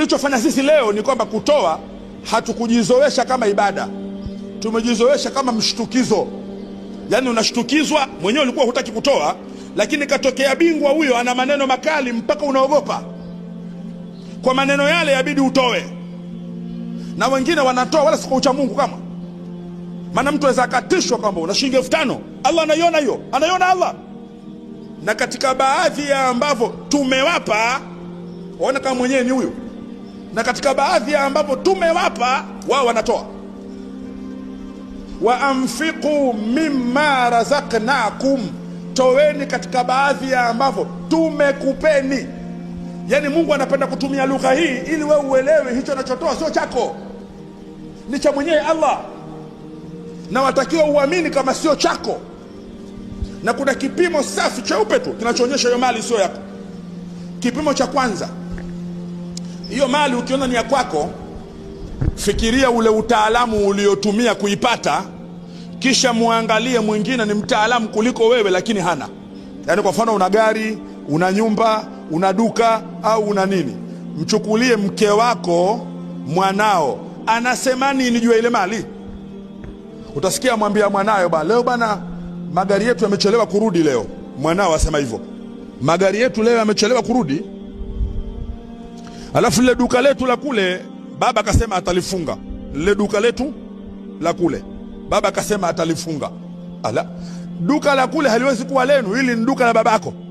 Tulichofanya sisi leo ni kwamba kutoa hatukujizoesha kama ibada, tumejizoesha kama mshtukizo. Yaani unashtukizwa mwenyewe, ulikuwa hutaki kutoa, lakini katokea bingwa huyo, ana maneno makali mpaka unaogopa. Kwa maneno yale yabidi utoe, na wengine wanatoa wala si kwa Mungu kama maana mtu aweza akatishwa kwamba una shilingi elfu tano Allah anaiona hiyo, anaiona Allah. Na katika baadhi ya ambavyo tumewapa, waona kama mwenyewe ni huyo na katika baadhi ya ambapo tumewapa wao wanatoa wa anfiqu mimma razaqnakum, toweni katika baadhi ya ambavyo tumekupeni. Yani Mungu anapenda kutumia lugha hii ili we uelewe hicho anachotoa sio chako, ni cha mwenyewe Allah, na watakiwa uamini kama sio chako, na kuna kipimo safi cheupe tu kinachoonyesha hiyo mali sio yako. Kipimo cha kwanza hiyo mali ukiona ni ya kwako, fikiria ule utaalamu uliotumia kuipata, kisha muangalie mwingine ni mtaalamu kuliko wewe, lakini hana. Yaani kwa mfano, una gari, una nyumba, una duka au una nini, mchukulie mke wako, mwanao anasema nini juu ya ile mali. Utasikia mwambia mwanayo, ba leo bana, magari yetu yamechelewa kurudi leo. Mwanao asema hivyo, magari yetu leo yamechelewa kurudi. Alafu lile duka letu la kule baba akasema atalifunga lile duka letu la kule baba akasema atalifunga. Ala, duka la kule haliwezi kuwa lenu, hili ni duka la babako.